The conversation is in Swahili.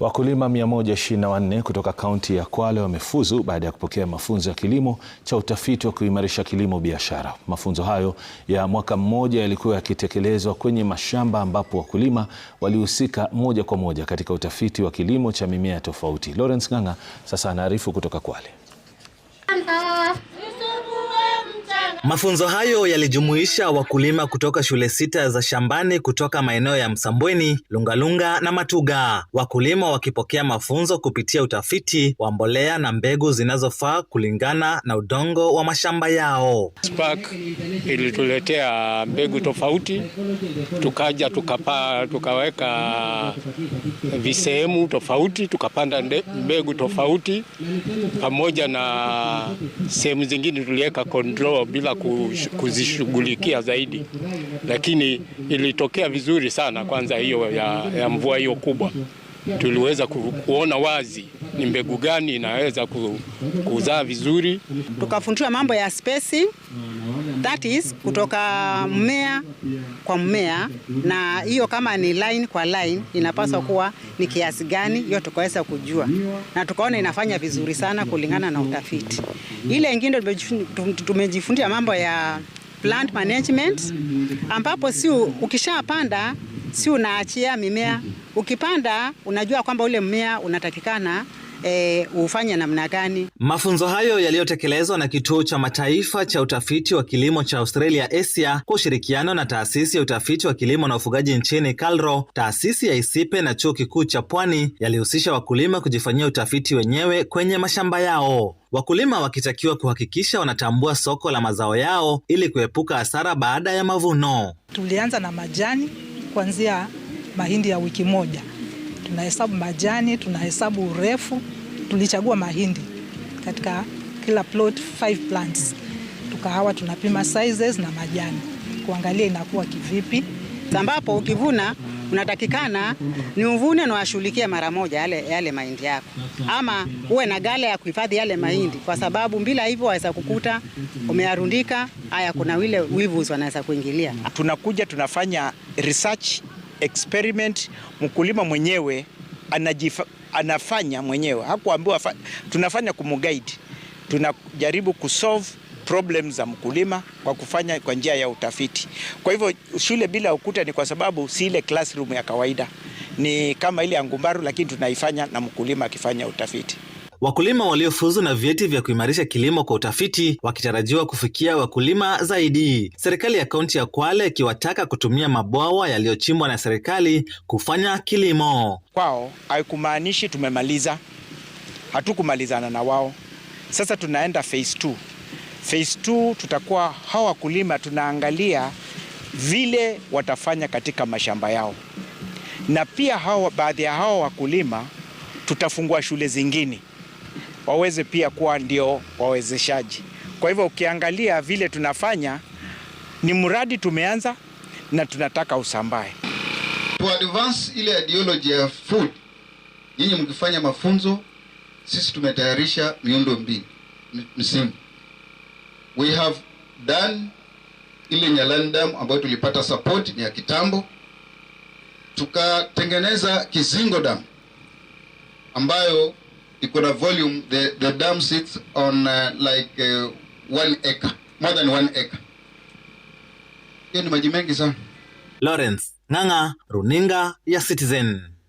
Wakulima 124 kutoka kaunti ya Kwale wamefuzu baada ya kupokea mafunzo ya kilimo cha utafiti wa kuimarisha kilimo biashara. Mafunzo hayo ya mwaka mmoja yalikuwa yakitekelezwa kwenye mashamba ambapo wakulima walihusika moja kwa moja katika utafiti wa kilimo cha mimea tofauti. Lawrence Ng'ang'a sasa anaarifu kutoka Kwale. Mafunzo hayo yalijumuisha wakulima kutoka shule sita za shambani kutoka maeneo ya Msambweni, Lungalunga na Matuga, wakulima wakipokea mafunzo kupitia utafiti wa mbolea na mbegu zinazofaa kulingana na udongo wa mashamba yao. Spark ilituletea mbegu tofauti, tukaja tukapa, tukaweka visehemu tofauti, tukapanda mbegu tofauti, pamoja na sehemu zingine tuliweka control bila tunaweza kuzishughulikia zaidi, lakini ilitokea vizuri sana. Kwanza hiyo ya, ya mvua hiyo kubwa tuliweza kuona wazi ni mbegu gani inaweza kuzaa vizuri. Tukafundishwa mambo ya spacing, that is kutoka mmea kwa mmea, na hiyo kama ni line kwa line inapaswa kuwa ni kiasi gani, hiyo tukaweza kujua na tukaona inafanya vizuri sana kulingana na utafiti. Ile ingine tumejifundia mambo ya plant management, ambapo si ukishapanda si unaachia mimea, ukipanda unajua kwamba ule mmea unatakikana e, hufanya namna gani. Mafunzo hayo yaliyotekelezwa na kituo cha mataifa cha utafiti wa kilimo cha Australia ASIA kwa ushirikiano na taasisi ya utafiti wa kilimo na ufugaji nchini KALRO, taasisi ya ISIPE na chuo kikuu cha Pwani yalihusisha wakulima kujifanyia utafiti wenyewe kwenye mashamba yao wakulima wakitakiwa kuhakikisha wanatambua soko la mazao yao ili kuepuka hasara baada ya mavuno. Tulianza na majani kuanzia mahindi ya wiki moja tunahesabu majani, tunahesabu urefu. Tulichagua mahindi katika kila plot 5 plants, tukahawa tunapima sizes na majani kuangalia inakuwa kivipi, ambapo ukivuna unatakikana ni uvune na washughulikie mara moja yale, yale mahindi yako, ama uwe na gala ya kuhifadhi yale mahindi, kwa sababu bila hivyo waweza kukuta umearundika haya, kuna wile wivu wanaweza kuingilia. Tunakuja tunafanya research experiment, mkulima mwenyewe anajifa, anafanya mwenyewe, hakuambiwa tunafanya kumguide. Tunajaribu kusolve problem za mkulima kwa kufanya kwa njia ya utafiti. Kwa hivyo shule bila ukuta ni kwa sababu si ile classroom ya kawaida, ni kama ile ya Ngumbaru, lakini tunaifanya na mkulima akifanya utafiti. Wakulima waliofuzu na vyeti vya kuimarisha kilimo kwa utafiti wakitarajiwa kufikia wakulima zaidi. Serikali ya kaunti ya Kwale ikiwataka kutumia mabwawa yaliyochimbwa na serikali kufanya kilimo kwao. Haikumaanishi tumemaliza, hatukumalizana na wao. Sasa tunaenda phase 2. Phase 2 tutakuwa hawa wakulima tunaangalia vile watafanya katika mashamba yao, na pia hawa baadhi ya hawa wakulima tutafungua shule zingine waweze pia kuwa ndio wawezeshaji. Kwa hivyo ukiangalia vile tunafanya ni mradi tumeanza na tunataka usambae. To advance ile ideology ya food, nyinyi mkifanya mafunzo, sisi tumetayarisha miundo mbili msingi. We have done ile Nyalandam ambayo tulipata support ni ya kitambo, tukatengeneza Kizingo Dam ambayo iko na volume the, the dam sits on uh, like uh, one acre, more than one acre. Hiyo ni maji mengi sana. Lawrence Ng'ang'a, Runinga ya Citizen.